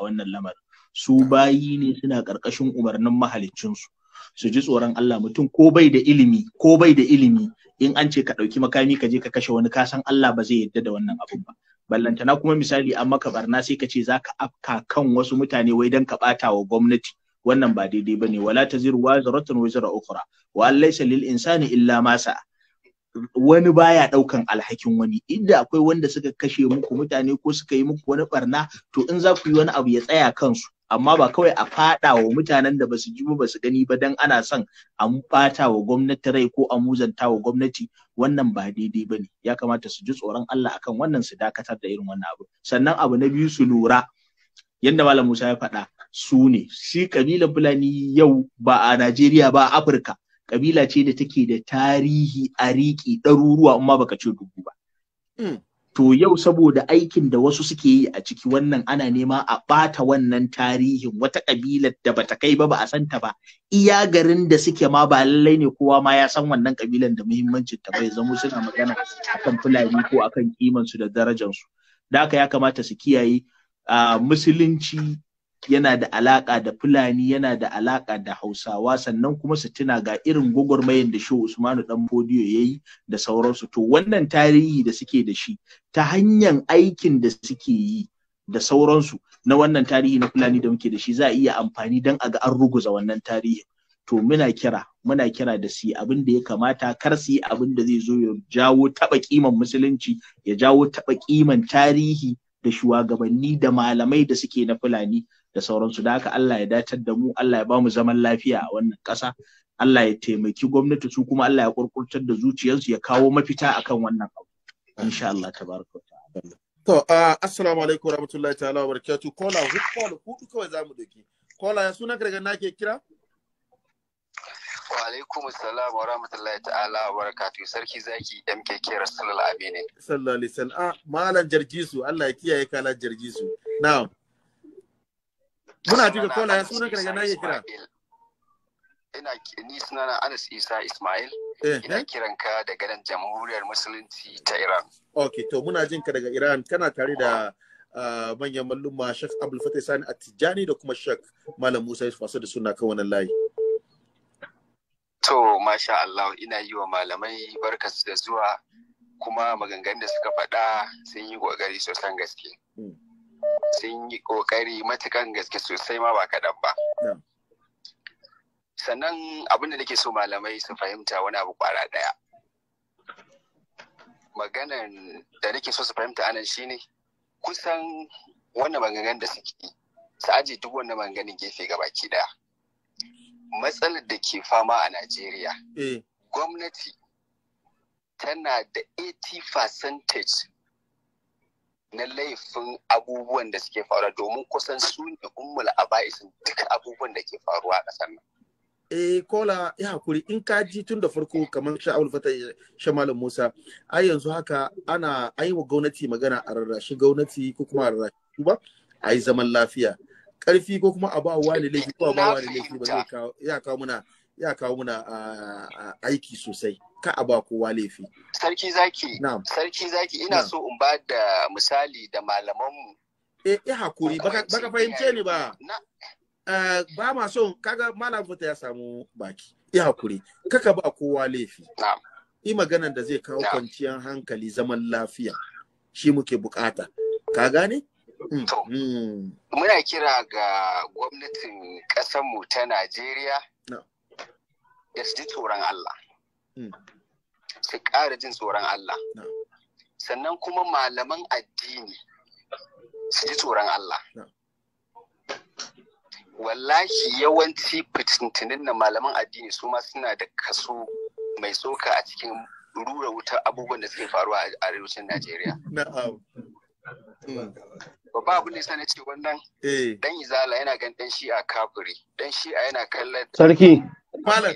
a wannan lamarin su bayi ne suna ƙarƙashin umarnin mahaliccinsu su ji tsoron Allah mutum ko bai da ilimi ko bai da ilimi in an ce ka ɗauki makami ka je ka kashe wani ka san Allah ba zai yarda da wannan abin ba ballantana kuma misali an maka barna sai ka ce zaka afka kan wasu mutane wai dan ka ɓata wa gwamnati wannan ba daidai bane wala taziru wa zara ukhra wa laysa lil insani illa masa. wani baya ɗaukan alhakin wani inda akwai wanda suka kashe muku mutane ko suka yi muku wani barna to in za ku yi wani abu ya tsaya kansu amma ba kawai a fada wa mutanen da basu ji ba su gani ba dan ana son a bata wa gwamnati rai ko a muzanta wa gwamnati wannan ba daidai bane ya kamata su ji tsoron Allah akan wannan su dakatar da irin wannan abu sannan abu na biyu su lura yadda malam Musa ya faɗa su ne shi kabilan Fulani yau ba a Najeriya ba a Afirka kabila ce da take da tarihi a riƙi ɗaruruwa amma baka ce dubu ba. Hmm. To yau saboda aikin da wasu suke yi a ciki wannan ana nema a ɓata wannan tarihin wata ƙabilar da bata kai ba ba a santa ba. Iya garin da suke ma ba lallai ne kowa ma ya san wannan ƙabilar da muhimmancin ta bai zamo suna magana akan Fulani ko akan kimansu da su Da haka ya kamata su kiyaye ah, musulunci yana da alaƙa da Fulani yana da alaƙa da Hausawa sannan kuma su tuna ga irin gwagwarmayar da shi, Usmanu dan ya yi da sauransu to wannan tarihi da suke da shi ta hanyar aikin da suke yi da sauransu na wannan tarihi na Fulani da muke da shi za a iya amfani don a ga an ruguza wannan tarihi to muna kira muna kira da su abin da ya kamata kar su yi abin da zai zo ya jawo taɓa kiman musulunci ya jawo taba kiman tarihi da shugabanni da malamai da suke na Fulani da sauransu da haka Allah ya datar da mu Allah ya ba mu zaman lafiya a wannan ƙasa Allah ya taimaki gwamnati su kuma Allah ya kurkurtar da zuciyarsu ya kawo mafita akan wannan abu insha Allah tabaraka wa ta'ala to assalamu alaikum warahmatullahi ta'ala wabarakatuh kola hukkol hudu kawai zamu doki kola ya sunan gargan nake kira wa alaikum assalam wa rahmatullahi ta'ala wa barakatuh sarki zaki MKK Rasulul Aminin sallallahu alaihi wasallam ah, malam jarjisu Allah ya kiyaye kala jarjisu na'am muna ji ga kola ya sunan ka na ya kira ina ni sunana Anas Isa Ismail eh, ina eh. kiran ka daga nan Jamhuriyar Musulunci ta Iran okay to muna jin ka daga Iran kana tare da ah, manyan malluma Sheikh Abdul Fattah Sani Attijani da kuma Sheikh Malam Musa Yusuf da suna kan wannan layi To, masha Allah, ina yi wa malamai barkas da zuwa kuma maganganun da suka faɗa sun yi ƙoƙari sosan gaske. Hmm. sun yi ƙoƙari matukan gaske sosai ma ba kaɗan ba. Sannan abin da nake so malamai su fahimta wani abu ƙwara ɗaya. Maganan da nake so su fahimta anan shi ne. kusan wannan maganganun da suke yi, su aje duk wannan maganganun gefe ga baki ɗaya. Matsalar da ke fama a Najeriya, eh. gwamnati tana da 80 percentage na laifin abubuwan da suke faruwa domin kusan su ne ummul aba'isin duka abubuwan da ke faruwa a ƙasar nan. Eh kola ya hakuri in ka ji tun da farko kamar sha'awul fata shamalin Musa ai yanzu haka ana ai wa gwamnati magana a rarrashi gwamnati ko kuma a rarrashi ba ai zaman lafiya karfi ko kuma a ba wani laifi ko a ba wani laifi ba zai kawo ya kawo muna ya kawo muna aiki sosai ka a ba kowa laifi sarki zaki sarki zaki ina so in ba da misali da malamanmu eh e hakuri baka fahimce ni ba eh, ba ma so kaga malam fita ya samu baki eh hakuri kaka ba kowa laifi yi maganan da zai kawo kwanciyar hankali zaman lafiya shi muke bukata ka gane hmm, hmm. muna kira ga gwamnatin ƙasarmu ta Najeriya ya ji tsoron Allah hmm. su ƙara jin tsoron Allah sannan kuma malaman addini su ji tsoron Allah wallahi yawanci fitintinin na malaman addini su ma suna da kaso mai tsoka a cikin rura wutar abubuwan da suke faruwa a arewacin Najeriya. Hmm. babba abin da na ce wannan eh. dan izala yana gan dan shi a kafiri dan shi a yana kallon sarki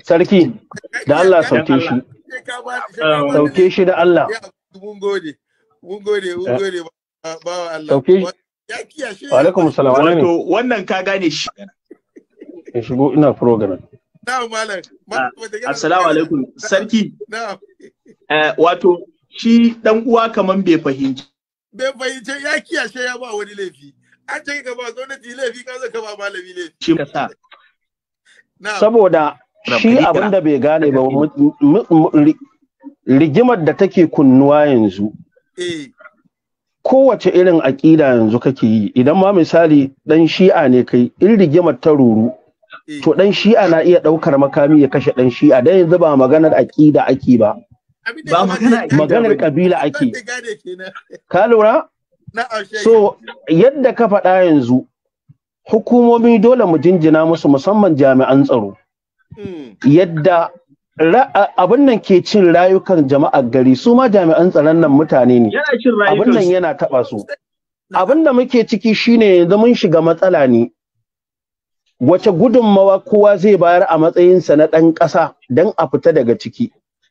sarki da Allah sauke shi sauke shi da Allah mun gode mun gode mun eh. gode ba wa Allah sauke shi ya kiyashe wa alaikum salam to wannan ka gane shi ya shigo ina program na'am malam ah, assalamu alaikum sarki na'am eh, wato shi dan uwa kaman bai fahimci bai fahimce ya kiyashe ya ba wani laifi an ce ka ba gwamnati laifi ka zaka ba malami laifi saboda shi abin da bai gane ba rigimar da take kunnuwa yanzu eh. kowace irin aƙida yanzu kake yi idan ma misali ɗan shi'a ne kai in rigimar ta ruru eh. to ɗan shi'a na iya ɗaukar makami ya kashe ɗan shi'a dan yanzu ba maganar aƙida ake ba ba maganar kabila ake ka lura so yadda ka faɗa yanzu hukumomi dole mu jinjina musu musamman jami'an tsaro hmm. yadda abin nan ke cin rayukan jama'a gari su ma jami'an tsaron nan mutane ne abin nan yana taɓa su abin da muke ciki shine yanzu mun shiga matsala ne wace gudunmawa kowa zai bayar a matsayinsa na ɗan ƙasa don a fita daga ciki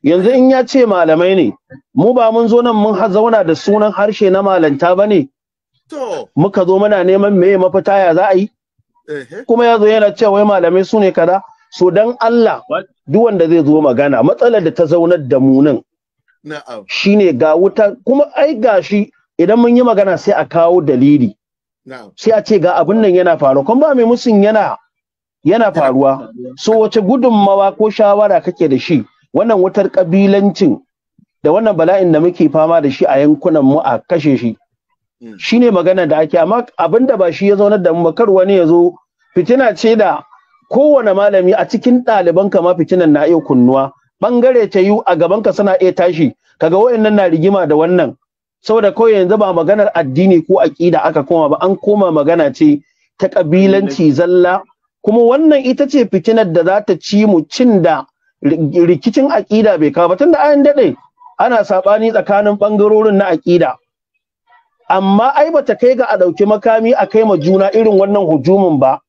yanzu in ya ce malamai ne mu ba mun zo nan mun zauna da sunan harshe na malanta ba ne muka zo muna neman meye mafita ya za a yi kuma ya zo yana cewa wai malamai su ne kaza so dan Allah duk wanda zai zo magana matsalar da ta zaunar da mu nan shine ga wuta kuma ai gashi idan mun yi magana sai a kawo dalili sai a ce ga abin nan yana faruwa kuma ba mai musun yana yana faruwa so wace gudunmawa ko shawara kake da shi wannan wutar kabilancin da wannan bala'in da muke fama da shi a yankunan mu a kashe shi hmm. shine magana da ake amma abinda ba shi ya zaunar da mu ba kar wani ya zo fitina ce da kowane malami a cikin ɗaliban kama fitinan na iya kunnuwa bangare ta yiwu a gaban ka suna iya tashi kaga wayannan na rigima da wannan saboda kawai yanzu ba maganar addini ko aƙida aka koma ba an koma magana ce ta kabilanci hmm. zalla kuma wannan ita ce fitinar da za ta ci mu cin da rikicin aƙida bai kawo ba tunda an daɗe ana saɓani tsakanin ɓangarorin na aƙida amma ai bata kai ga a ɗauki makami a kai ma juna irin wannan hujumin ba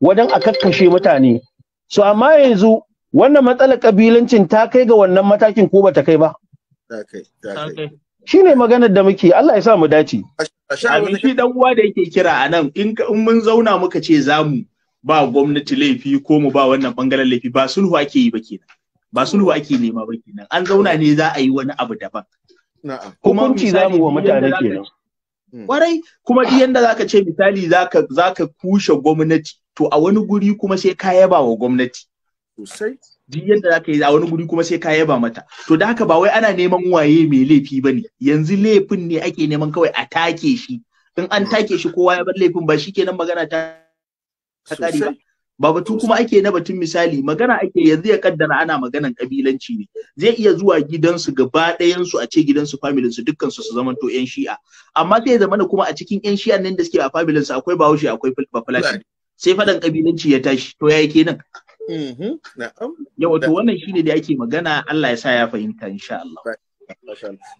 wajen a kakkashe mutane so amma yanzu wannan matsalar ƙabilancin ta kai ga wannan matakin ko bata kai ba shi ne maganar da muke Allah ya sa mu dace abin shi dan uwa da yake kira a nan in mun zauna muka ce zamu ba gwamnati laifi ko mu ba wannan bangaren laifi ba sulhu ake yi ba kenan ba sulhu ake nema ba kenan an zauna ne za a yi wani abu daban hukunci za mu wa mutane kenan hmm. kwarai kuma duk yanda zaka ce misali zaka zaka kushe gwamnati to a wani guri kuma sai ka yaba wa gwamnati sosai duk yadda za ka yi a wani guri kuma sai ka yaba mata to da haka ba wai ana neman waye mai laifi ba ne yanzu laifin ne ake neman kawai a take shi in an take shi kowa ya bar laifin ba shikenan magana ta ta kare ba ba batu kuma ake na batun misali magana ake yanzu ya kaddara ana maganan kabilanci ne zai iya zuwa gidansu gaba ɗayan su a ce gidansu familin su dukkan su su zaman to yan shi'a amma zama zamana kuma a cikin yan shi'an nan da suke a familin su akwai bahaushe akwai bafulashi sai fadan kabilanci ya tashi to yayi kenan mm-hmm. yawa to wannan ne da ake magana Allah ya sa ya fahimta insha Allah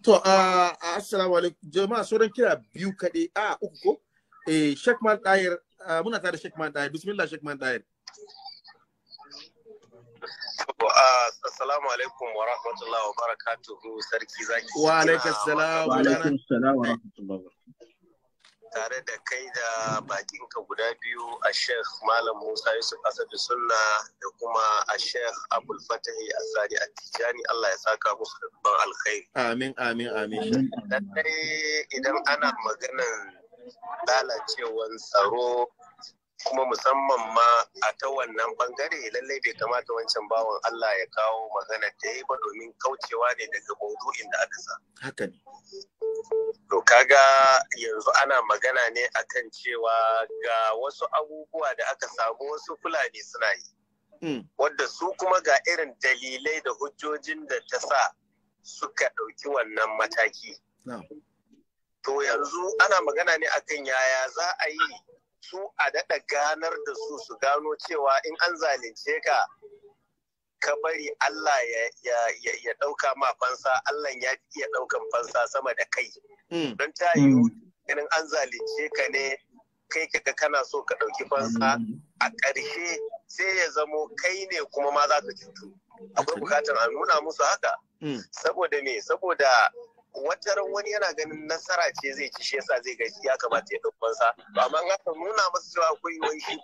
to uh, assalamu alaikum jama'a sauran kira biyu kaɗai a ah, uku ko eh Sheikh Dayar Ah, muna tare Sheikh Man Tahir. Bismillah Sheikh Man Tahir. Ah, assalamu alaikum wa rahmatullahi wa barakatuhu sarki zaki. Wa alaikum salam wa rahmatullahi wa Tare da kai da bakinka guda biyu a Sheikh Malam Musa Yusuf Asadu Sunna da kuma a Sheikh Abul Fatahi Asadi Atijani Allah ya saka musu da alkhairi. Amin amin amin. Lallai idan ana maganan lalacewan tsaro kuma musamman ma a ta wannan bangare lallai bai kamata wancan bawan Allah ya kawo magana ta yi ba domin kaucewa ne daga maudu'in da aka sa. Haka ne. To kaga yanzu ana magana ne a kan cewa ga wasu abubuwa da aka samu wasu fulani suna yi. Hmm. Wadda su kuma ga irin dalilai da hujjojin da ta sa suka ɗauki wannan mataki. to yanzu ana magana ne akan yaya za a yi su a daɗa ganar da su su gano cewa in an zalunce ka ka bari Allah ya ɗauka ma fansa Allah ya iya ɗaukan fansa sama da kai hmm. don ta yiwu hmm. ganin an zalunce ka ne kai ka kana so ka ɗauki fansa hmm. a ƙarshe sai ya zamo kai ne kuma ma za ka cutu akwai bukatar a nuna musu haka saboda me saboda wataran wani yana ganin nasara ce zai ci shi yasa zai gaji ya kamata ya ɗaukansa amma an aka nuna masa cewa akwai wani shi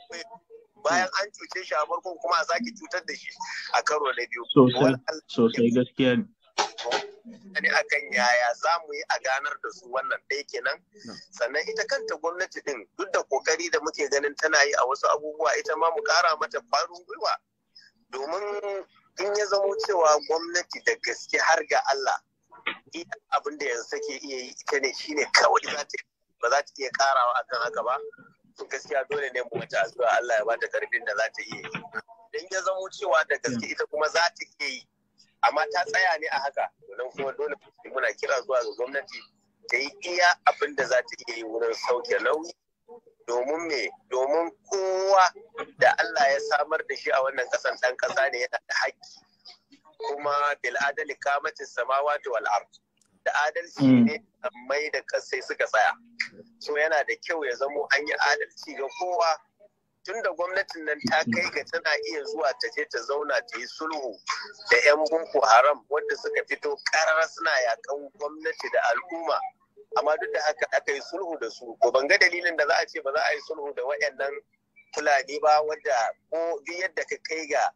bayan an cuce shi a farko kuma a sake cutar da shi a karo na biyu sosai gaskiya ne ne akan yaya za mu yi a ganar da su wannan ɗaya kenan sannan ita kanta gwamnati din duk da kokari da muke ganin tana yi a wasu abubuwa ita ma mu kara mata kwarin gwiwa domin in ya zamo cewa gwamnati da gaske har ga Allah iya abin da yanzu take iya yi ita ne shine kawai za ba za ta iya karawa akan haka ba to gaskiya dole ne mu wata addu'a Allah ya bata karfin da za ta iya yi dan ya zamo cewa da gaske ita kuma za ta iya yi amma ta tsaya ne a haka don kuma dole muna kira zuwa ga gwamnati ta yi iya abin da za ta iya yi wurin sauke nauyi domin me domin kowa da Allah ya samar da shi a wannan kasan dan kasa ne yana da haƙƙi kuma bil adali kamati samawati wal da adalci hmm. ne mai da kasai suka tsaya so yana da kyau ya zamo an yi adalci ga kowa tunda gwamnatin nan ta kai ga tana iya zuwa ta je ta zauna ta yi sulhu da 'yan boko haram wanda suka fito karar suna yakan gwamnati da al'umma amma duk da haka aka yi sulhu da su ko ban ga dalilin da za a ce ba za a yi sulhu da waɗannan fulani ba wanda ko duk yadda ka kai ga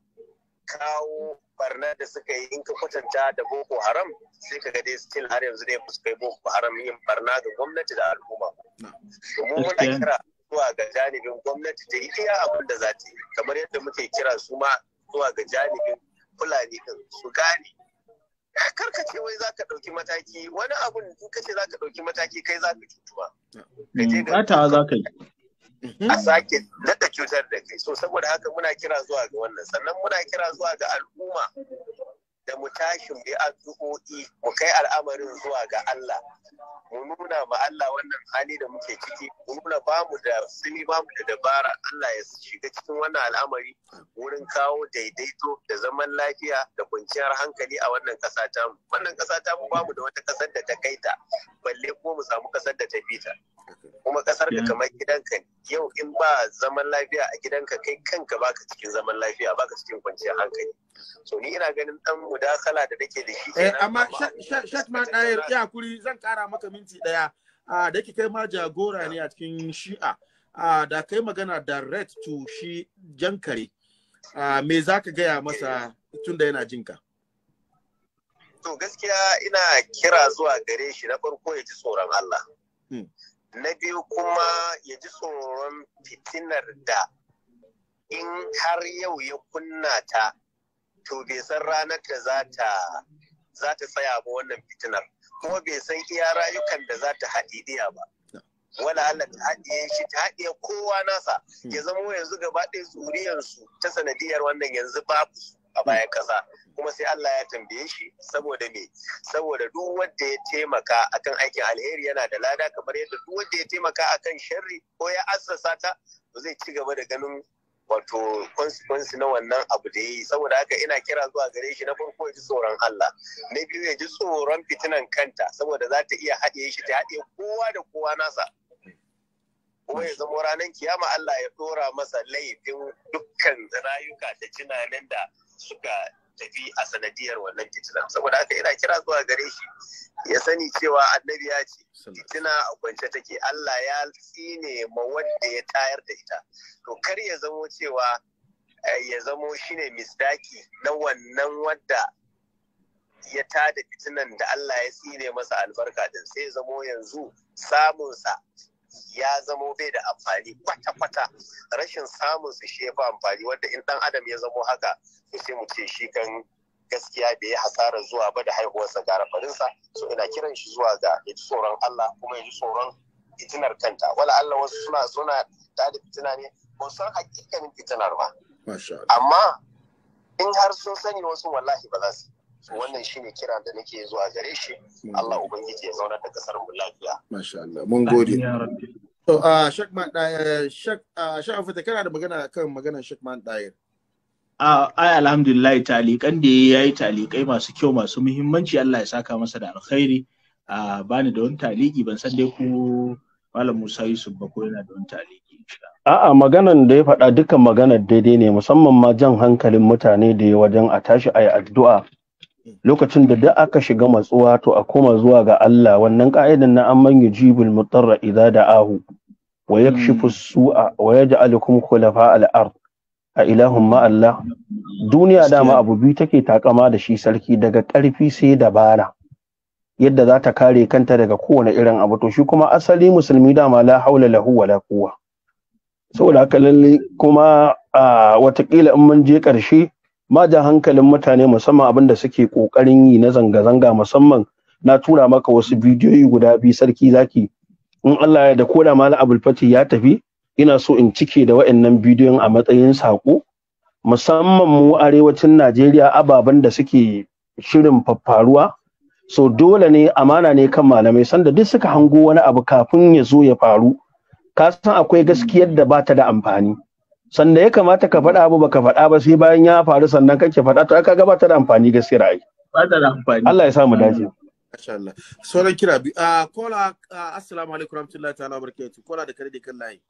kawo barnar da suka yi in ka kwatanta da boko haram sai ka ga dai still har yanzu dai su yi boko haram yin barna ga gwamnati da al'umma domin muna kira zuwa ga janibin gwamnati ta yi iya abin da za ta yi kamar yadda muke kira su ma zuwa ga janibin fulani din su gane ce wai za ka ɗauki mataki wani abun in ka ce za ka ɗauki mataki kai za ka cutuwa. Ka je ga za ka yi. Mm-hmm. a sake daɗa cutar da kai so saboda haka muna kira zuwa ga wannan sannan muna kira zuwa ga al'umma da mu tashin, mu yi addu'o'i mu kai al'amarin zuwa ga Allah mu nuna ma Allah wannan hali da muke ciki mu nuna mu da sini mu da dabara Allah ya shiga cikin wannan al'amari wurin kawo daidaito da zaman lafiya da kwanciyar hankali a wannan kasa ta mu wannan kasa ta mu mu da wata kasar da ta kaita balle ko mu samu kasar da ta fita kuma kasar ka kamar gidanka yau in ba zaman lafiya a gidanka kai kanka baka cikin zaman lafiya baka cikin kwanciyar hankali so ni ina ganin dan mudakala da nake da shi eh amma shak ma dayar ya kuri zan kara maka minti daya a ah, da kai ma jagora ne a cikin shi'a a ah, da kai magana direct to shi jankare ah, me zaka gaya masa tunda yana jinka to gaskiya ina kira zuwa gare shi na farko ya ji tsoron Allah hmm. na biyu kuma ya ji tsoron fitinar da in har yau ya kunna ta to bai san ranar da za ta tsaya ba wannan fitinar kuma bai san iya rayukan da za ta haɗiɗiya ba wala Allah ta haɗiye shi ta haɗiye kowa nasa ya hmm. zama yanzu gaba ɗaya tsoriyarsu ta sanadiyar wannan yanzu babu su a baya kasa kuma sai Allah ya tambaye shi saboda me saboda duk wanda ya taimaka akan aikin alheri yana da lada kamar yadda duk wanda ya taimaka akan sharri ko ya assasa ta zai ci gaba da ganin wato consequence na wannan abu da yi saboda haka ina kira zuwa gare shi na farko ya ji tsoron Allah na biyu ya ji tsoron fitinan kanta saboda za ta iya haɗe shi ta haɗe kowa da kowa nasa kuma ya zama ranar kiyama Allah ya ɗora masa laifin dukkan rayuka da tunanin da suka tafi a sanadiyar wannan fitinan saboda haka ina kira zuwa gare shi ya sani cewa annabi ya ce fitina a kwance take Allah ya tsine ma wanda ya tayar da ita to kar ya zamo cewa eh, ya zamo shine misdaki na wannan wadda ya tada fitinan da Allah ya tsine masa albarka din sai ya zamo yanzu samunsa ya zamo bai da amfani kwata-kwata rashin samun su shi ya amfani wanda in dan adam ya zamo haka to sai mu ce shi kan gaskiya bai yi hasara zuwa ba da haihuwarsa ga rafarinsa so ina kiran shi zuwa ga ya ji tsoron Allah kuma ya ji tsoron fitinar kanta wala Allah wasu suna suna da fitina ne ba san hakikanin fitinar ba amma in har sun sani wasu wallahi ba za su wannan shine kira da nake zuwa gare shi mm. Allah ubangiji ya zauna da kasar mu lafiya masha Allah mun gode to a shak man shak shak kana da magana kan magana shek man dair ai alhamdulillah talikan da ya yi talikai masu kyau masu muhimmanci Allah ya saka masa da alkhairi a bani da wani taliki ban san dai ku Malam Musa Yusuf ba ko yana da wani taliki A'a maganan da ya faɗa dukkan maganar daidai ne musamman ma jan hankalin mutane da ya wajen a tashi a yi addu'a lokacin da duk aka shiga matsuwa to a koma zuwa ga Allah wannan ka'idan na amman yujibul mutarra idza da'ahu wa yakshifu hmm. su'a wa yaj'alukum khulafa al-ard a ilahun ma Allah duniya dama abu biyu take takama da shi sarki daga karfi sai dabara yadda za ta kare kanta daga kowane irin abu to shi kuma asali musulmi dama la haula lahu la quwwa saboda haka lalle kuma a watakila in mun je ƙarshe ma hankalin mutane musamman abin da suke ƙoƙarin yi na zanga-zanga musamman na tura maka wasu bidiyoyi guda biyu sarki zaki in Allah ya da koda mala abul fati ya tafi ina so in cike da wa'annan bidiyon a matsayin sako musamman mu arewacin Najeriya ababen da suke shirin faffaruwa so dole ne amana ne kan malamai sanda duk suka hango wani abu kafin ya zo ya faru kasan akwai gaskiyar da bata da amfani sanda ya kamata ka faɗa abu baka faɗa ba sai bayan ya faru sannan kake faɗa to aka gabata da amfani gaskiya ra'ayi ba da amfani Allah ya sa mu dace Masha Allah. Sauran kira bi. a ah, kola, ah, assalamu alaikum warahmatullahi ta'ala barakatu. Kola da kare da kan layi.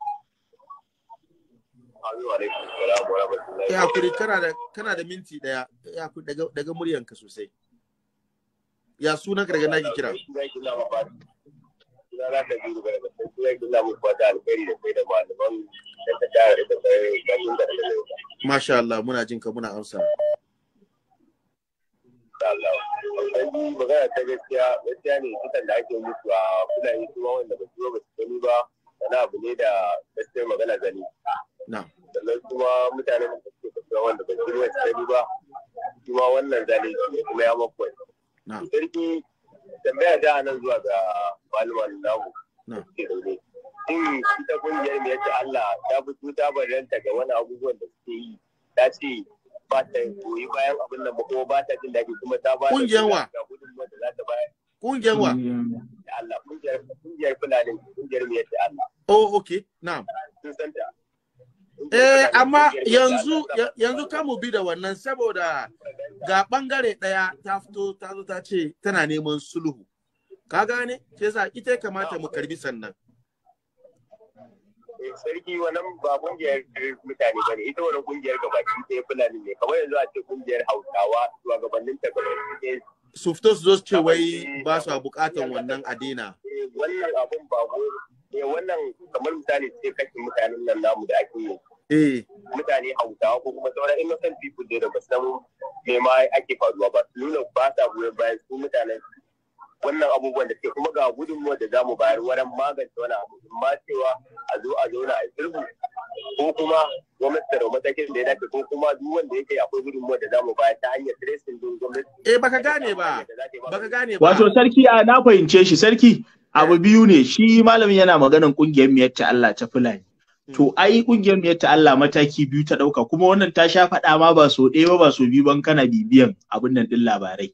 Ya hakuri kana da kana da minti daya. Ya hakuri daga daga muryanka sosai. Ya sunan ka daga naki kira. sunana da biyu daga da sai sai gina mu fata alkhairi da kai da malaman ta tare da kai da Masha Allah muna jin ka muna amsa. Allah. magana ta gaskiya gaskiya ne da ake musu a fulani kuma wanda ba su ba su gani ba wani abu ne da gaskiya magana gani. Sannan kuma wanda ba su gani ba kuma wannan ne kuma ya Sarki tambaya da nan zuwa ga malaman namu in ita kungiyar mai yace Allah ta fito ta barranta ga wani abubuwan da suke yi ta ce ba ta goyi bayan abin nan ba kuma ba ta jin daɗi kuma ta ba kungiyar wa kungiyar wa Allah kungiyar kungiyar fulani kungiyar mai yace Allah oh okay na'am sun santa Eh, amma yanzu yanzu kan mu bi da wannan saboda ga bangare daya ta fito ta zo ta ce tana neman sulhu. Ka gane? Ke sa ita kamata mu karbi sannan. Eh, sarki wannan ba kungiyar mutane ba ne ita wannan kungiyar gabaki ɗaya fulani ne kamar yanzu a ce kungiyar hausawa zuwa gabanin ta gabaki su fito su zo ce wai ba su bukatan wannan adina wannan abun ba eh, wannan kamar misali ce kashin mutanen nan namu da ake yi Eh. mutane hausawa ko kuma sauran innocent people da ba san me ma ake faruwa ba nuna ba sa goyon bayan su mutanen wannan abubuwan da ke kuma ga gudunmuwa da zamu bayar wurin magance wani abu ma cewa a zo a zauna a sulhu ko kuma gwamnati da matakin da ya dace ko kuma duk wanda yake akwai gudunmuwa da zamu bayar ta hanyar tracing din gwamnati eh baka gane ba baka gane ba wato sarki a na fahimce shi sarki abu eh. biyu ne shi malamin yana maganan kungiyar miyar ta Allah ta Fulani To ai kungiyar mu ta Allah mataki biyu ta dauka kuma wannan ta sha faɗa ma ba so ɗaya ba ba so biyu ban kana bibiyan abin nan din labarai.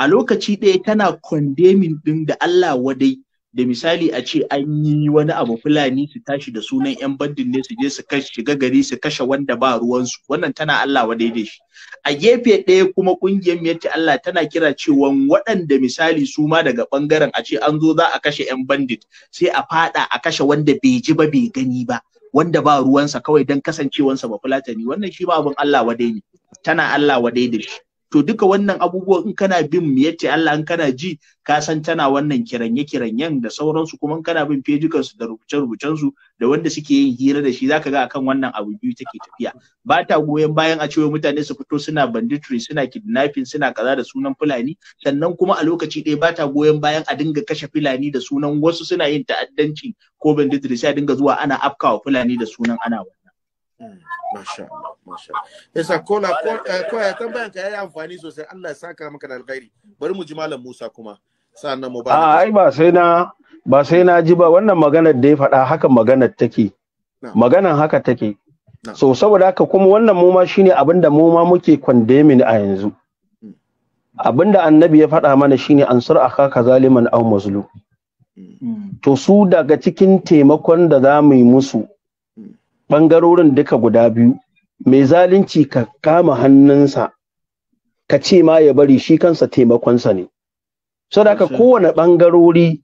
A mm. lokaci ɗaya tana condemning ɗin da Allah wadai da misali a ce an yi wani abu fulani su tashi da sunan yan bandin ne su je su shiga gari su kashe wanda ba ruwansu wannan tana Allah wadai da shi. A gefe ɗaya kuma kungiyar mu ta Allah tana kira cewa waɗanda misali su ma daga ɓangaren a ce an zo za a kashe yan bandit sai a faɗa a kashe wanda bai ji ba bai gani ba. wanda ba ruwansa kawai don kasancewansa ba fulatani wannan shi ba abin Allah wadai ne tana Allah wadai da shi to duka wannan abubuwan in kana bin mu yace Allah in kana ji ka san tana wannan kiranye kiranyen da sauransu kuma in kana bin fejikan su da rubuce rubucen su da wanda suke yin hira da shi zaka ga akan wannan abu biyu take tafiya ba ta goyon bayan a cewa mutane su fito suna banditry suna kidnapping suna kaza da sunan fulani sannan kuma a lokaci ɗaya ba ta goyon bayan a dinga kashe fulani da sunan wasu suna yin ta'addanci ko banditry sai a dinga zuwa ana afkawa fulani da sunan ana wani Mm, masha Masha. Yasa kola koya eh, tambayan ka yayi amfani sosai Allah ya saka maka da alkhairi. Bari mu ji Malam Musa kuma. Sa'annan mu ba. A ah, ai ba sai na ba sai na ji ba wannan maganar da ya faɗa haka maganar take. Maganar haka take. So saboda haka kuma wannan mu ma shine abinda mu ma muke condemning a yanzu. Mm. Abinda Annabi ya faɗa mana shine ansur akaka zaliman aw mazlum. Mm. To su daga cikin taimakon da za mu yi musu ɓangarorin duka guda biyu mai zalunci ka kama hannunsa ka ce ma ya bari shi kansa taimakonsa ne sadaka kowane ɓangarori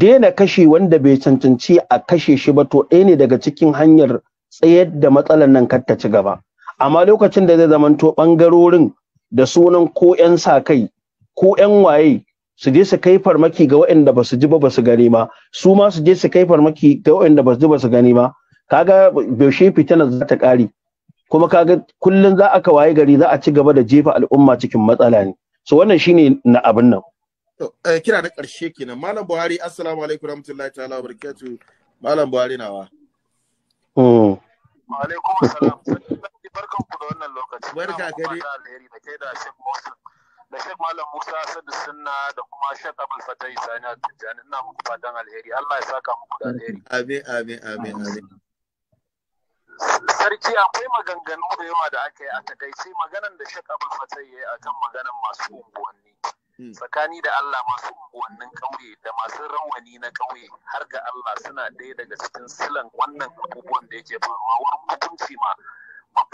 daina kashe wanda bai cancanci a kashe shi ba to ɗaya ne daga cikin hanyar tsayar da matsalar nan kar ta ci gaba amma lokacin da zai zamanto ɓangarorin da sunan ko ƴan sa kai ko ƴan waye su je su kai farmaki ga waɗanda ba su ji ba ba su gani ba su ma su je su kai farmaki ga waɗanda ba su ji ba su gani ba kaga yaushe fitinar za ta ƙari, kuma kaga kullun za a waye gari za a ci gaba da jefa al'umma cikin matsala ne so wannan shine na abin nan eh, kira na ƙarshe kenan malam buhari assalamu alaikum rahmatullahi ta'ala wa barakatuh malam buhari nawa mm. wa alaikum assalam barkan ku da wannan lokaci barka ka dai alheri da kai da Sheikh Musa da Sheikh Malam Musa Sadu Sunna da kuma Sheikh Abdul Fatai Sani Tijjani ina muku fatan alheri Allah ya saka muku da alheri amin amin amin amin sarki akwai maganganu da yawa da aka yi a takaice maganan da shek abul fatai ya yi kan maganan masu unguwanni hmm. tsakani da Allah masu unguwannin ƙauye da masu rawani na ƙauye har ga Allah suna ɗaya daga cikin silan wannan abubuwan da yake faruwa wurin hukunci ma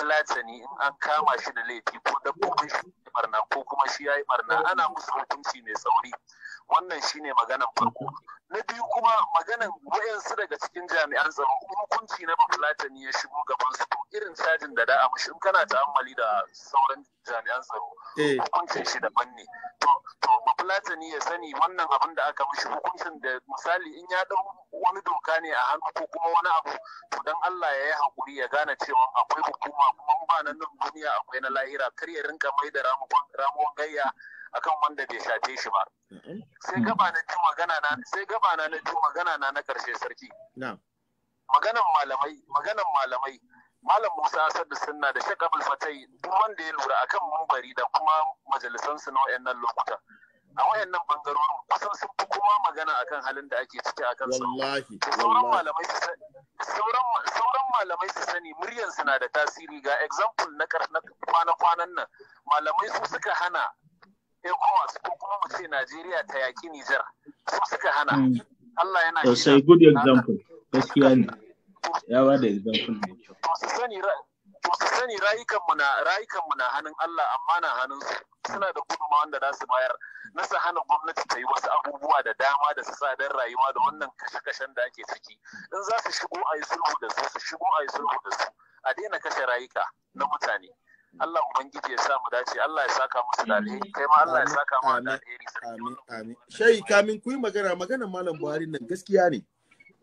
ne in an kama shi da laifi ko dabbobin shi barna ko kuma shi ya yi barna ana musu hukunci mai tsauri wannan shine maganan farko na biyu kuma maganan wayansu daga cikin jami'an tsaro hukunci na bafulatani ya shigo gaban su to irin cajin da da'a mushi in kana ta'ammali da sauran jami'an tsaro eh. hukuncin shi daban ne to to ya sani wannan abin da aka mushi hukuncin da misali in ya dau wani doka ne a hannu ko kuma wani abu to dan Allah ya yi hakuri ya gane cewa akwai hukuma kuma ba nan duniya akwai na lahira kar ya rinka mai da ramuwan gayya akan wanda bai shafe shi ba sai gaba na ji magana na sai gaba na na ji magana na na karshe sarki maganan malamai maganan malamai malam Musa Asad da sunna da Sheikh Abdul Fatai duk wanda ya lura akan mumbari da kuma majalisan su na wayannan lokuta a wayannan bangarorin kusan sun fi kuma magana akan halin da ake ciki akan su wallahi sauran malamai su sauran sauran malamai su sani muryan na da tasiri ga example na kwana kwanan nan malamai su suka hana ECOWAS ko kuma mu ce Najeriya ta yaƙi Nijar su suka hana. Hmm. Allah yana shi. Sai good example. Gaskiya ne. Ya ba da example ne. To su sani to su sani rayukanmu na hannun Allah amma na hannun su suna da guduma wanda za su bayar na su hana gwamnati ta yi wasu abubuwa da dama da su sa don rayuwa da wannan kashe-kashen da ake ciki in za su shigo a yi sulhu da su su shigo a yi sulhu da su a daina kashe rayuka na mutane. Allah ubangiji ya sa mu dace Allah ya saka musu da alheri kai ma Allah ya saka mu da alheri amin amin shayi kamin ku yi magana maganar malam Buhari nan gaskiya ne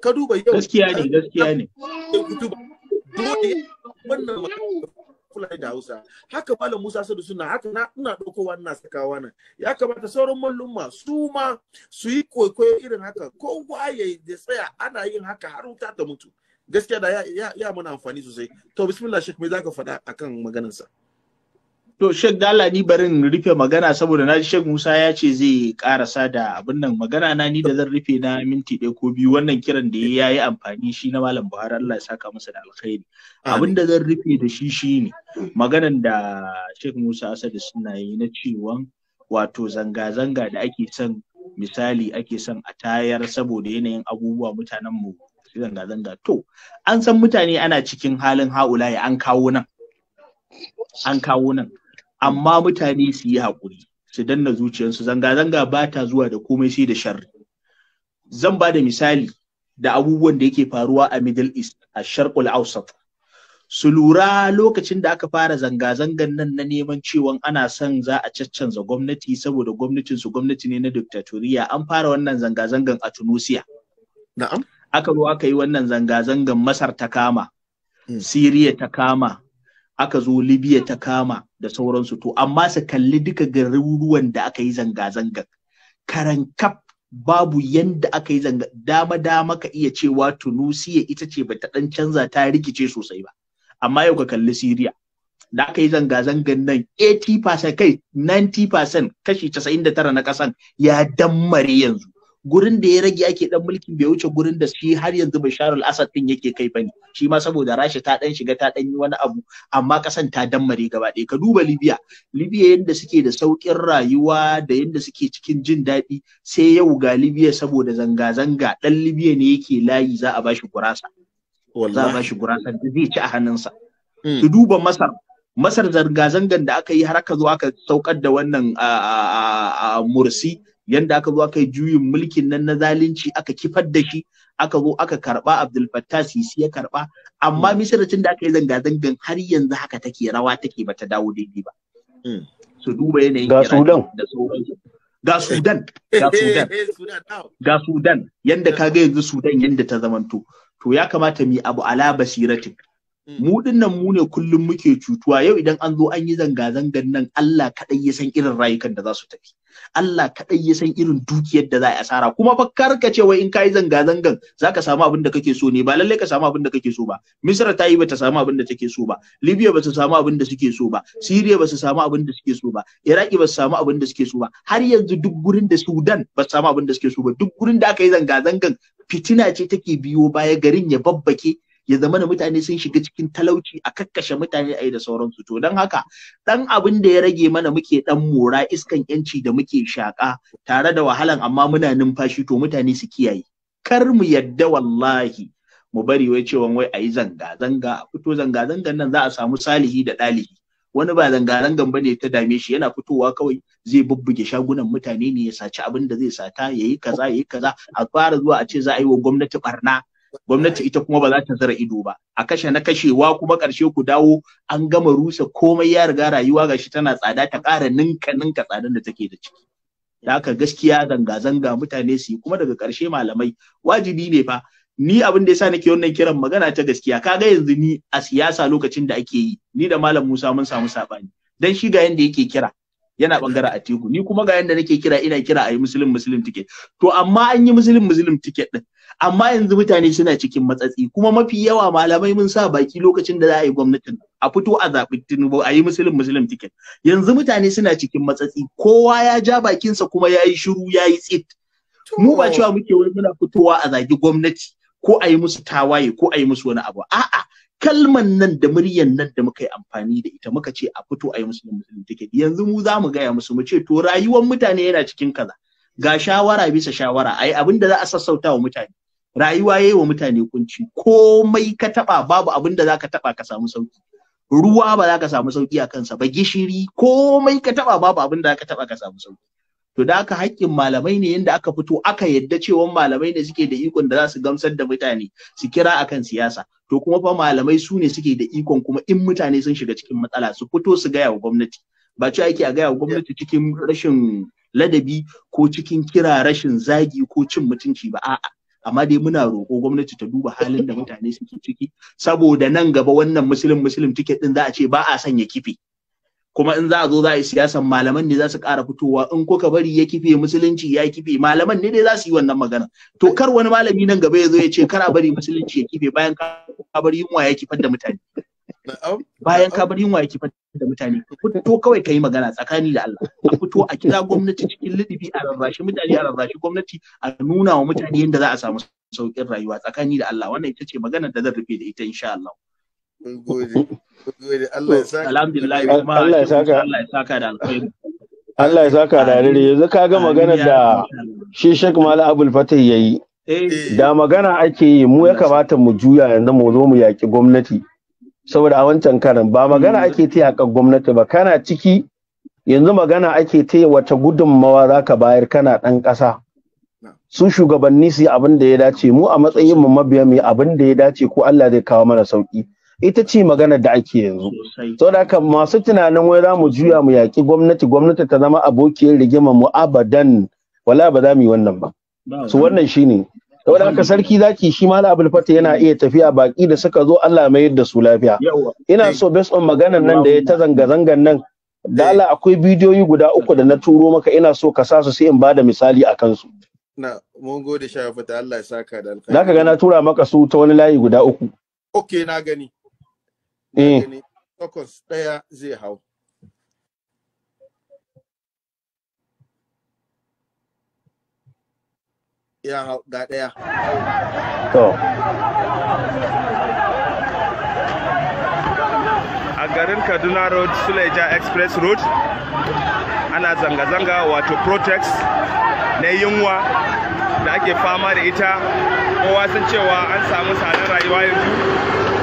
ka duba yau gaskiya ne gaskiya ne dole wannan Fulani da Hausa. Haka Malam Musa Sadu suna haka na ina ɗaukowa na sakawa nan. Ya kamata sauran mallum'a su ma su yi kwaikwayo irin haka kowa ya tsaya ana yin haka har wuta ta mutu. gaskiya da ya mana amfani sosai to bismillah shek me zaka faɗa akan maganarsa to shek dala ni barin rufe magana saboda na ji shek musa ya ce zai karasa da abin nan magana na ni da zan rufe na minti ɗaya ko biyu wannan kiran da ya yi amfani shi na malam buhari allah ya saka masa da alkhairi abin da zan rufe da shi shi ne maganan da shek musa asadi suna yi na cewa wato zanga-zanga da ake son misali ake son a tayar saboda yanayin abubuwa mutanen mu zanga-zanga to an san mutane ana cikin halin ha'ulaye an kawo nan an kawo nan amma mutane su yi haƙuri su danna zuciyarsu zanga-zanga ba ta zuwa da komai sai da sharri zan ba da misali da abubuwan da yake faruwa a middle east a sharkul ausat su lura lokacin da aka fara zanga-zangan nan na neman cewan ana son za a caccanza gwamnati saboda gwamnatin su gwamnati ne na diktatoriya an fara wannan zanga-zangan a Tunisia. Na'am. aka zo aka yi wannan zanga-zangan masar ta kama hmm. siriya ta kama aka zo libya ta kama da sauransu to amma su kalli duka garuruwan da aka yi zanga-zangan karan kaf babu yanda aka yi zanga dama dama ka iya cewa tunusiya ita ce bata dan canza ta rikice sosai ba amma yau ka kalli siriya da aka yi zanga-zangan nan 80% kai 90% kashi 99 na kasan ya dammare yanzu gurin da ya rage ake dan mulkin bai wuce gurin da shi har yanzu Bashar al-Assad din yake kai bane shi ma saboda Rasha ta dan shiga ta dan yi wani abu amma kasan ta dammare gaba ɗaya ka duba Libya Libya yanda suke da saukin rayuwa da yanda suke cikin jin daɗi sai yau ga Libya saboda zanga zanga dan Libya ne yake layi za a bashi gurasa za a bashi gurasa da zai ci a hannunsa su hmm. duba Masar Masar zanga-zangan da aka yi har aka zo aka saukar da wannan a mursi yanda aka zo aka yi juyin mulkin nan na zalunci aka kifar da shi aka zo aka karba Abdul Fattah Sisi ya karba amma mm. Misira tun da aka yi zanga zangan har yanzu haka take rawa take bata dawo daidai ba mm. su duba yanayin ga Sudan ga Sudan ga Sudan ga Sudan yanda kaga yanzu Sudan yanda ta zamanto to ya kamata mu abu ala basiratin Mm. mu nan mu ne kullum muke cutuwa yau idan an zo an yi zanga-zangan nan Allah kaɗai ya san irin rayukan da za su tafi Allah kaɗai ya san irin dukiyar da za a asara kuma fa karka ce wai in ka yi zanga-zangan za ka samu abin da kake so ne ba lallai ka samu abin da kake so ba Misra ta yi bata samu abin da take so ba Libya ba su samu abin da suke so ba Syria ba su samu abin da suke so ba Iraki ba su samu abin da suke so ba har yanzu duk gurin da Sudan ba su samu abin da suke so ba duk gurin da aka yi zanga-zangan fitina ce take biyo baya garin ya babbake ya zama da mutane sun shiga cikin talauci a kakkashe mutane a da sauransu to don haka dan abin da ya rage mana muke dan mora iskan yanci da muke shaka tare da wahalan amma muna numfashi to mutane su kiyaye kar mu yadda wallahi mu bari wai cewa wai ayi zanga zanga a fito zanga zangan nan za a samu salihi da ɗalihi wani ba zanga-zangan bane ta dame shi yana fitowa kawai zai bubbuge shagunan mutane ne ya saci abin da zai sata yayi kaza yayi kaza a fara zuwa a ce za a yi wa gwamnati barna gwamnati ita kuma ba za ta zara ido ba a kashe na kashewa kuma karshe ku dawo an gama rusa komai ya riga rayuwa gashi tana tsada ta ƙara ninka ninka tsadan da take da ciki da haka gaskiya zanga zanga mutane su kuma daga ƙarshe malamai wajibi ne fa ni abin da yasa nake wannan kiran magana ta gaskiya kaga yanzu ni a siyasa lokacin da ake yi ni da malam Musa mun samu sabani dan shi ga yanda yake kira yana a teku. ni kuma ga yanda nake kira ina kira a yi muslim muslim ticket to amma an yi muslim muslim ticket din amma yanzu mutane suna cikin matsatsi kuma mafi yawa malamai mun sa baki lokacin da za a yi gwamnatin a fito a zaɓi Tinubu a yi muslim muslim ticket yanzu mutane suna cikin matsatsi kowa ya ja bakinsa kuma ya yi shiru ya yi tsit mu ba cewa muke wani muna fitowa a zagi gwamnati ko a yi musu tawaye ko a yi musu wani abu a'a kalman nan da muryan nan da muka yi amfani da ita muka ce a fito a yi musu musulun take yanzu mu za mu gaya musu mu ce to rayuwar mutane yana cikin kaza ga shawara bisa shawara ai abin da za a sassauta wa mutane rayuwa yayi wa mutane kunci komai ka taba babu abin da za ka taba ka samu sauki ruwa ba za ka samu sauki a kansa ba gishiri komai ka taba babu abin da za ka taba ka samu sauki to da aka haƙƙin malamai ne yadda aka fito aka yadda cewa malamai ne suke da ikon da za su gamsar da mutane su kira a kan siyasa to kuma fa malamai su ne suke da ikon kuma in mutane sun shiga cikin matsala su fito su gaya wa gwamnati ba ci ake a gaya wa gwamnati cikin rashin ladabi ko cikin kira rashin zagi ko cin mutunci ba a'a amma dai muna roƙo gwamnati ta duba halin da mutane suke ciki saboda nan gaba wannan musulun musulun tiket din za a ce ba a sanya kife kuma in za a zo za a yi siyasan malaman ne za su ƙara fitowa in kuka bari ya kife musulunci ya kife malaman ne dai za su yi wannan magana to kar wani malami nan gaba ya zo ya ce kar a bari musulunci ya kife bayan ka bari yunwa ya kifar da mutane bayan ka bari yunwa ya kifar da mutane fito kawai ka yi magana tsakani da Allah a fito a kira gwamnati cikin lidibi a rarrashi mutane a rarrashi gwamnati a nuna wa mutane yadda za a samu sauƙin rayuwa tsakani da Allah wannan ita ce maganar da zan rufe da ita insha Allah Alhamdulillah Allah ya saka da alkhairi. Allah ya saka da alheri yanzu ka ga maganar da shi Sheikh Malam Abdul Fatah yayi. Eh. Da magana ake yi mu ya kamata mu juya yanzu mu zo mu yaƙi gwamnati. Saboda a wancan karan ba magana hmm. ake ta yaƙar gwamnati ba kana ciki yanzu magana ake ta wata gudunmawa za ka bayar kana ɗan ƙasa. Su shugabanni su yi abin da ya dace mu a matsayin mu mabiya mu yi abin da ya dace ko Allah zai kawo mana sauƙi. ita ce magana da ake yanzu saboda haka masu tunanin wai zamu juya mu yaƙi gwamnati gwamnati ta zama abokiyar rigima mu abadan wala ba za mu yi wannan ba su wannan shine saboda haka sarki zaki shi ma abul fata yana iya tafiya baki da suka zo Allah mai da su lafiya ina so based on maganar nan da ya ta zanga zangan nan dala akwai bidiyoyi guda uku da na turo maka ina so ka sa su sai in bada misali a kansu na mun gode shafa Allah ya saka da alkhairi zaka ga na tura maka su ta wani layi guda uku okay na gani Eh. ɗaya zai hau a garin kaduna road suleja express road ana zanga-zanga wato protex na yunwa da ake fama da ita kowa sun cewa an samu tsadar rayuwa yanzu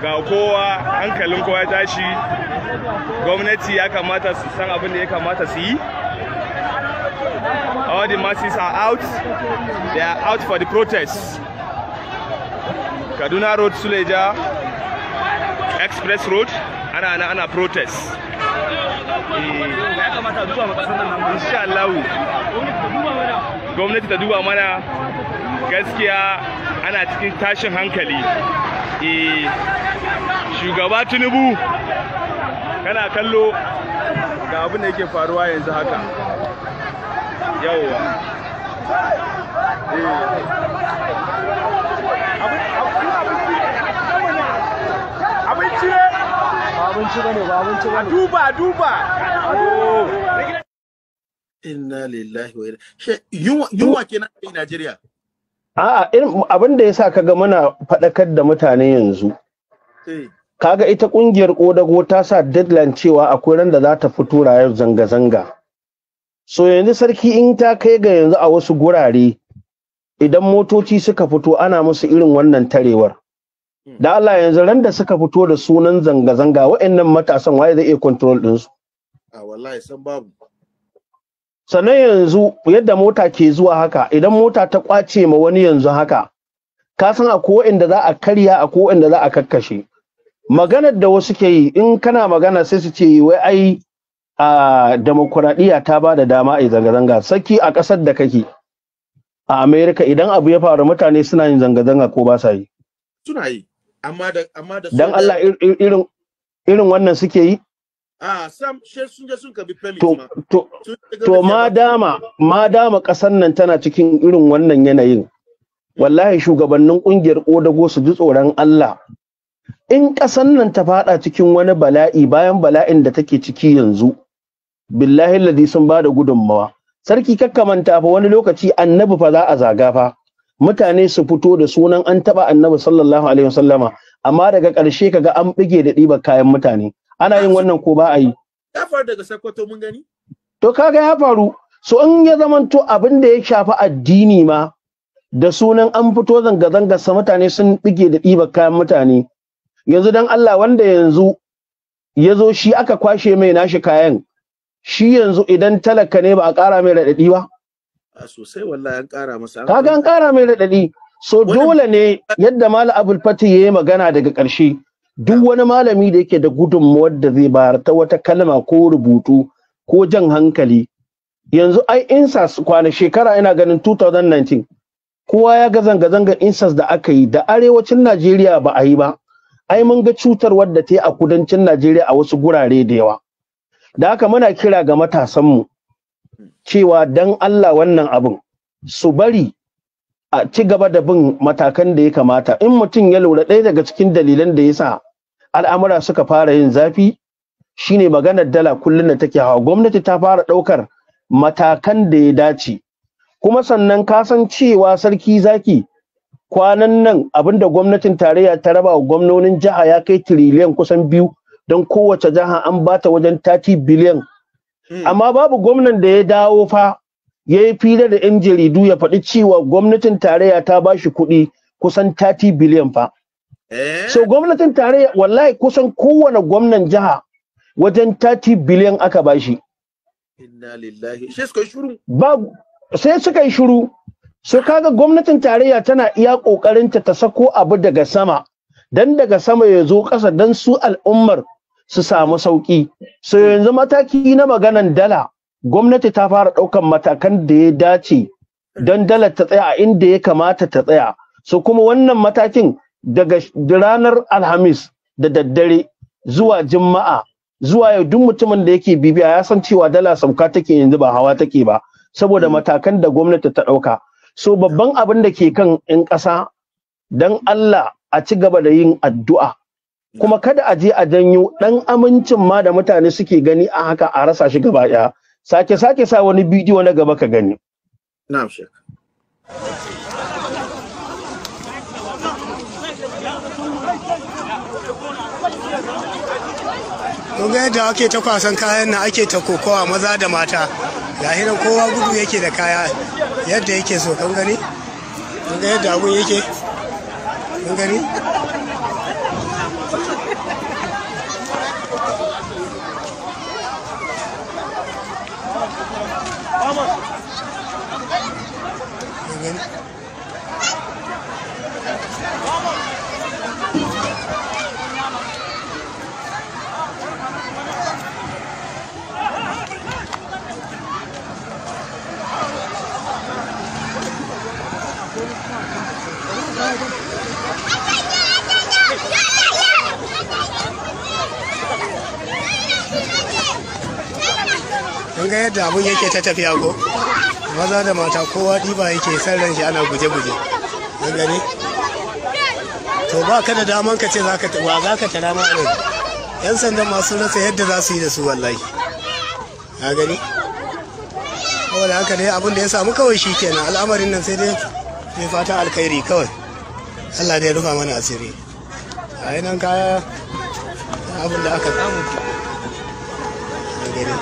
ga kowa hankalin kowa ya tashi gwamnati ya kamata su san abin da ya kamata su yi all the masses are out they are out for the protest kaduna road suleja express road ana ana ana protest insha gwamnati ta duba mana gaskiya ana cikin tashin hankali Eh, shugaba tinubu kana kallo ga abin da yake faruwa yanzu haka yawwa eh. abinci ne ba abinci ne? ba abinci bane duba duba inna lillahi wa inna yunwa kenan a Najeriya A'a, abin da ya sa kaga muna faɗakar da mutane yanzu. Eh. Kaga ita ƙungiyar ƙodago ta sa deadline cewa akwai randa da za ta fito rayar zanga-zanga. So yanzu sarki in ta kai ga yanzu a wasu gurare idan motoci suka fito ana musu irin wannan tarewar. Hmm. Da Allah yanzu ran suka fito da sunan zanga-zanga wa'annan matasan waye zai iya control ɗinsu. A wallahi san babu. sannan yanzu yadda mota ke zuwa haka idan mota ta kwace ma wani yanzu haka ka san a ko inda za a karya a ko inda za a kakkashe maganar da wasu ke yi in kana magana sai su ce wai ai a demokuraɗiyya ta ba da dama a zanga-zanga saki a ƙasar da kake a amerika idan abu ya faru mutane suna yin zanga-zanga ko ba sa yi suna yi amma da amma da Allah irin irin wannan suke yi Ah, to, ma. dama, ma dama ƙasar nan tana cikin irin wannan yanayin. Wallahi shugabannin ƙungiyar ƙodago su ji tsoron Allah. In ƙasar nan ta faɗa cikin wani bala'i bayan bala'in da take ciki yanzu, billahi ladi sun ba da gudunmawa. Sarki kakkamanta fa wani lokaci annabi fa za a zaga fa. Mutane su fito da sunan an taba annabi sallallahu alaihi wasallama, amma daga ƙarshe kaga an bige da ɗiba kayan mutane. ana yin wannan ko ba a yi ya faru daga sakwato mun gani to kaga ya faru so in ya zamanto abin da ya shafi addini ma da sunan an fito zanga-zanga sa mutane sun ɗige da ɗibar kayan mutane yanzu dan Allah wanda yanzu ya zo shi aka kwashe mai nashi kayan shi yanzu idan talaka ne ba a ƙara mai raɗaɗi ba sosai wallahi an ƙara masa kaga an ƙara mai raɗaɗi so dole ne yadda malam abul fati ya yi magana daga ƙarshe duk wani malami da yake da gudunmuwar da zai bayar ta wata kalma ko rubutu ko jan hankali yanzu ai insas kwana shekara ina ganin 2019 kowa ya ga zanga-zangar insas da aka yi da arewacin najeriya ba a yi ba ai mun ga cutar wadda ta yi a kudancin najeriya a wasu gurare da yawa da haka muna kira ga matasanmu cewa dan allah wannan abin su bari a ci gaba da bin matakan da ya kamata in mutum ya lura ɗaya daga cikin dalilan da ya sa al'amura suka fara yin zafi shine maganar dala kullum da take hawa gwamnati ta fara ɗaukar matakan da ya dace kuma sannan ka san cewa sarki zaki kwanan nan abinda gwamnatin tarayya ta raba wa gwamnonin jiha ya kai tiriliyan kusan biyu don kowace jiha an bata wajen 30 biliyan hmm. amma babu gwamnan da ya dawo fa ya yi fira da 'yan jaridu ya faɗi cewa gwamnatin tarayya ta bashi shi kuɗi kusan tati biliyan fa Eh? So gwamnatin tarayya wallahi kusan kowane gwamnan jiha wajen 30 biliyan aka bashi. Inna lillahi. Sai suka yi shuru. Ba sai suka yi shuru. So kaga gwamnatin tarayya tana iya kokarin ta ta sako abu daga sama. Dan daga sama ya zo ƙasa dan su al'ummar su samu sauki. So yanzu mataki na maganan dala gwamnati ta fara ɗaukan matakan da ya dace don Dala ta tsaya a inda ya kamata ta tsaya. So kuma wannan matakin daga ranar alhamis da daddare zuwa juma'a zuwa yau duk mutumin da yake bibiya ya san cewa dala sauka take yanzu ba hawa take ba saboda mm. matakan da gwamnati ta ɗauka so babban abin da ke kan in ƙasa dan Allah a ci gaba da yin addu'a kuma mm. kada a je a janyo ɗan amincin ma da mutane suke gani a haka a rasa shi gaba ɗaya sake sake sa wani bidiyo na gaba ka gani na'am kun ga yadda ake ta kwasan kayan na ake ta kokowa maza da mata lahiran kowa gudu yake da kaya yadda yake so kan gani kun ga yadda abun yake kun gani ga yadda abun yake ta tafiya ko maza da mata kowa ɗiba yake san ran shi ana guje-guje gani to ba ka da daman ka ce wa za ka tara ma anan yan sandan masu rasa yadda za su yi da su wallahi a gani da haka dai abin da ya samu kawai shi kenan al'amarin nan sai dai mai fatan alkhairi kawai allah da ya rufa mana asiri a yi nan kaya abin da aka samu gani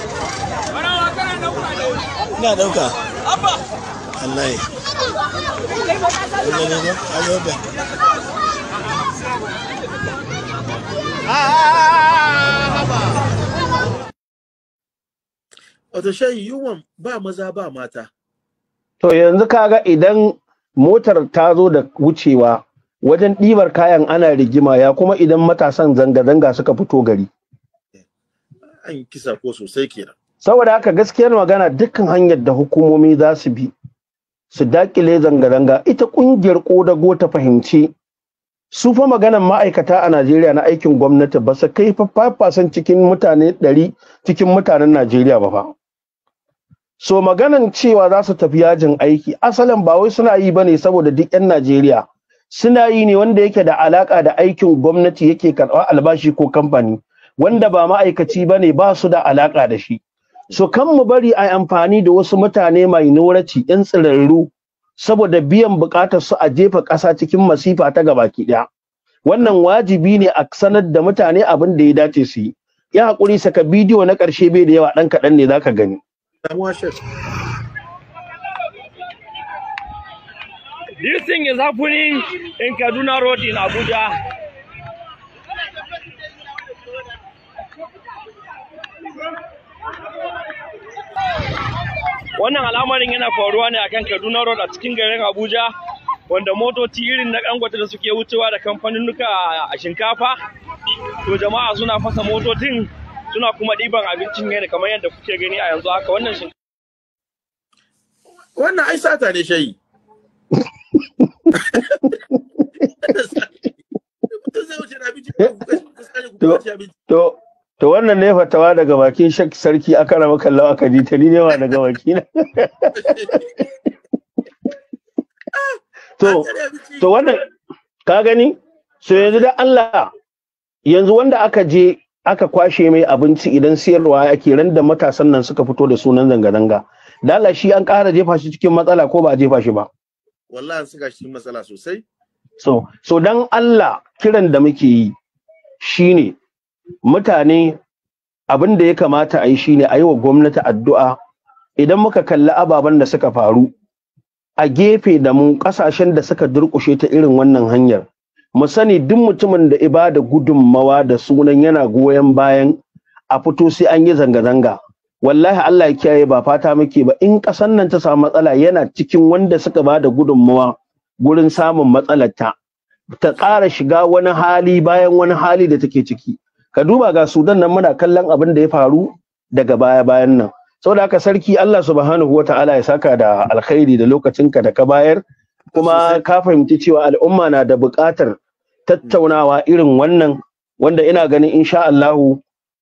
ina dauka wallahi ah, ah, ah, Wata ba maza ba mata. To yanzu kaga idan motar ta zo da wucewa wajen ɗibar kayan ana rigima ya kuma idan matasan zanga-zanga suka fito gari. An kisa ko sosai kenan. saboda haka gaskiyar magana dukkan hanyar da hukumomi za su bi su dakile zanga-zanga ita ƙungiyar ƙodago ta fahimci su fa maganan ma'aikata a Najeriya na aikin gwamnati ba su kai fafafasan cikin mutane ɗari cikin mutanen Najeriya ba fa. So maganan cewa za su tafi yajin aiki asalin ba wai suna yi ba ne saboda duk 'yan Najeriya suna yi ne wanda yake da alaka da aikin gwamnati yake karɓar albashi ko kamfani wanda ba ma'aikaci ba ne ba su da alaka da shi. so kan mu bari a amfani da wasu mutane mai nuraci yan tsirarru saboda biyan bukatar su a jefa ƙasa cikin masifa ta gabaki ɗaya wannan wajibi ne a sanar da mutane abin da ya dace su yi ya hakuri saka bidiyo na ƙarshe bai da yawa ɗan kaɗan ne zaka gani This thing is happening in Kaduna Road in Abuja. wannan al'amarin yana faruwa ne akan kaduna road a cikin garin abuja wanda motoci irin na dangote da suke wucewa da kamfaninnuka a shinkafa to jama'a suna fasa motocin suna kuma ɗiban abincin ne kamar yadda kuke gani a yanzu haka wannan wannan ai sata ne shayi to To wannan ne fatawa daga bakin shak sarki aka rama kallon aka ji ta ni ne wa daga baki na. To, to wannan ka gani? So yanzu da Allah yanzu wanda aka je aka kwashe mai abinci idan siyarwa ake ran da matasan nan suka fito da sunan zanga-zanga. Dala shi an ƙara jefa shi cikin matsala ko ba a jefa shi ba. Wallahi suka cikin matsala sosai. So, so dan Allah kiran da muke yi shine mutane abin da ya kamata a yi shine a yi wa gwamnati addu'a idan muka kalli ababen da suka faru a gefe da mu ƙasashen da suka durƙushe ta irin wannan hanyar mu sani duk mutumin da ibada gudunmawa da sunan yana goyon bayan a fito sai an yi zanga-zanga wallahi Allah ya kiyaye ba fata muke ba in ƙasar nan ta samu matsala yana cikin wanda suka ba da gudunmawa gurin samun matsalar ta ta ƙara shiga wani hali bayan wani hali da take ciki ka duba ga sudan nan muna kallon abin da ya faru daga baya bayan nan saboda haka sarki Allah subhanahu wa ta'ala ya saka da alkhairi da lokacinka da ka bayar kuma ka fahimci cewa al'umma na da buƙatar tattaunawa irin wannan wanda ina ganin insha Allahu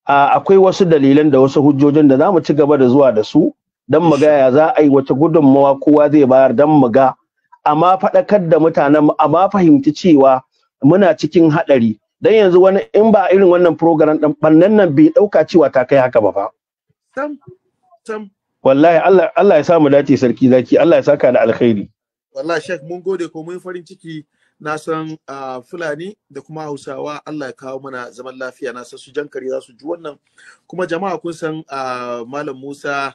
akwai wasu dalilan da wasu hujjojin da za mu ci gaba da zuwa da su don mu ga ya za a yi wata gudunmawa kowa zai bayar dan mu ga amma faɗakar da mutanen amma fahimci cewa muna cikin haɗari dan yanzu wani in ba irin wannan program dan bannan nan bai dauka cewa ta kai haka ba fa sam sam wallahi Allah Allah ya sa mu dace sarki zaki Allah ya saka da alkhairi wallahi sheikh mun gode ko mun farin ciki na san fulani da kuma hausawa Allah ya kawo mana zaman lafiya na san su jankari za su ji wannan kuma jama'a kun san malam Musa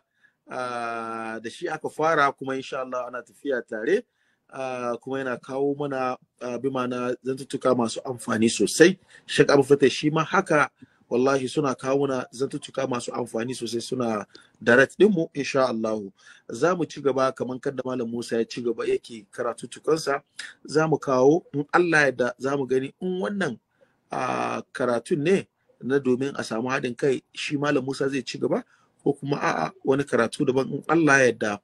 da shi aka fara kuma insha Allah ana tafiya tare Ah, kuma yana kawo mana ah, bima na zantuttuka masu amfani sosai shek abu shi ma haka wallahi suna kawo mana zantuttuka masu amfani sosai suna da din mu insha Allah za mu ci gaba kamar kadda malam Musa ya ci gaba yake tukansa? za mu kawo in Allah ya da za mu gani in wannan ah, karatun ne na domin a samu haɗin kai shi malam Musa zai ci gaba ko kuma a'a wani karatu daban in Allah ya yarda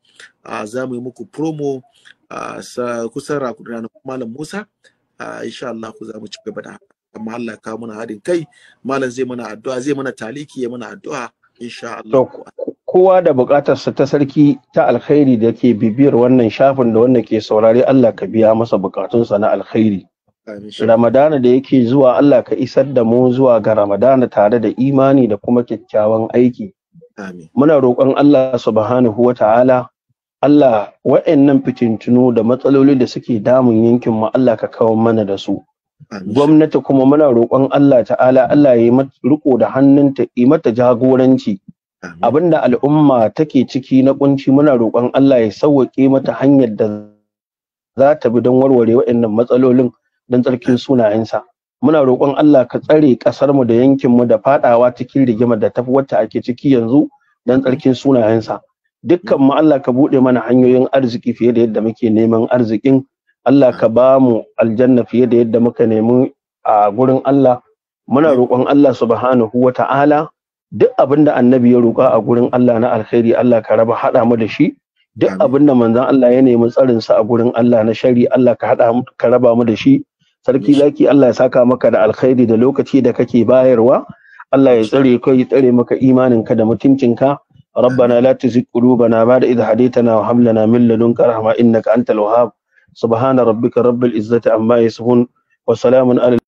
za mu yi muku promo Ah, kusan na malam Musa ah, insha Allah ku za mu ci gaba da amma Allah ka muna mana haɗin kai malam zai mana addu'a zai mana taliki ya mana addu'a insha Allah kowa da sa ta sarki ta alkhairi da ke bibiyar wannan shafin da wanda ke saurari, Allah ka biya masa sa na alkhairi Ramadana da yake zuwa Allah ka isar da mu zuwa ga Ramadana tare da imani da kuma kyakkyawan aiki. Muna roƙon Allah subhanahu wa ta'ala Allah wa'annan fitintunu da matsaloli da suke damun yankin mu Allah ka kawo mana da su gwamnati kuma muna roƙon Allah ta'ala Allah ya yi riko da hannunta yi mata jagoranci abinda al'umma take ciki na kunci muna roƙon Allah ya sauwaƙe mata hanyar da za ta bi don warware wa'annan matsalolin don tsarkin sunayensa muna roƙon Allah ka tsare ƙasar mu da yankin mu da faɗawa cikin rigima da tafi wacce ake ciki yanzu don tsarkin sunayensa dukkan mu Allah ka buɗe mana hanyoyin arziki fiye da yadda muke neman arzikin Allah ka ba mu aljanna fiye da yadda muka nemi a gurin Allah muna roƙon Allah subhanahu wa ta'ala duk abinda annabi ya roƙa a gurin Allah na alkhairi Allah ka raba haɗa mu da shi duk abinda manzon Allah ya nemi tsarin sa a gurin Allah na shari Allah ka ka raba mu da shi sarki zaki Allah ya saka maka da alkhairi da lokaci da kake bayarwa Allah ya tsare ka ya tsare maka imanin ka da mutuncin ka ربنا لا تزغ قلوبنا بعد إذ هديتنا وهب لنا من لدنك رحمة إنك أنت الوهاب سبحان ربك رب العزة عما يصفون وسلام على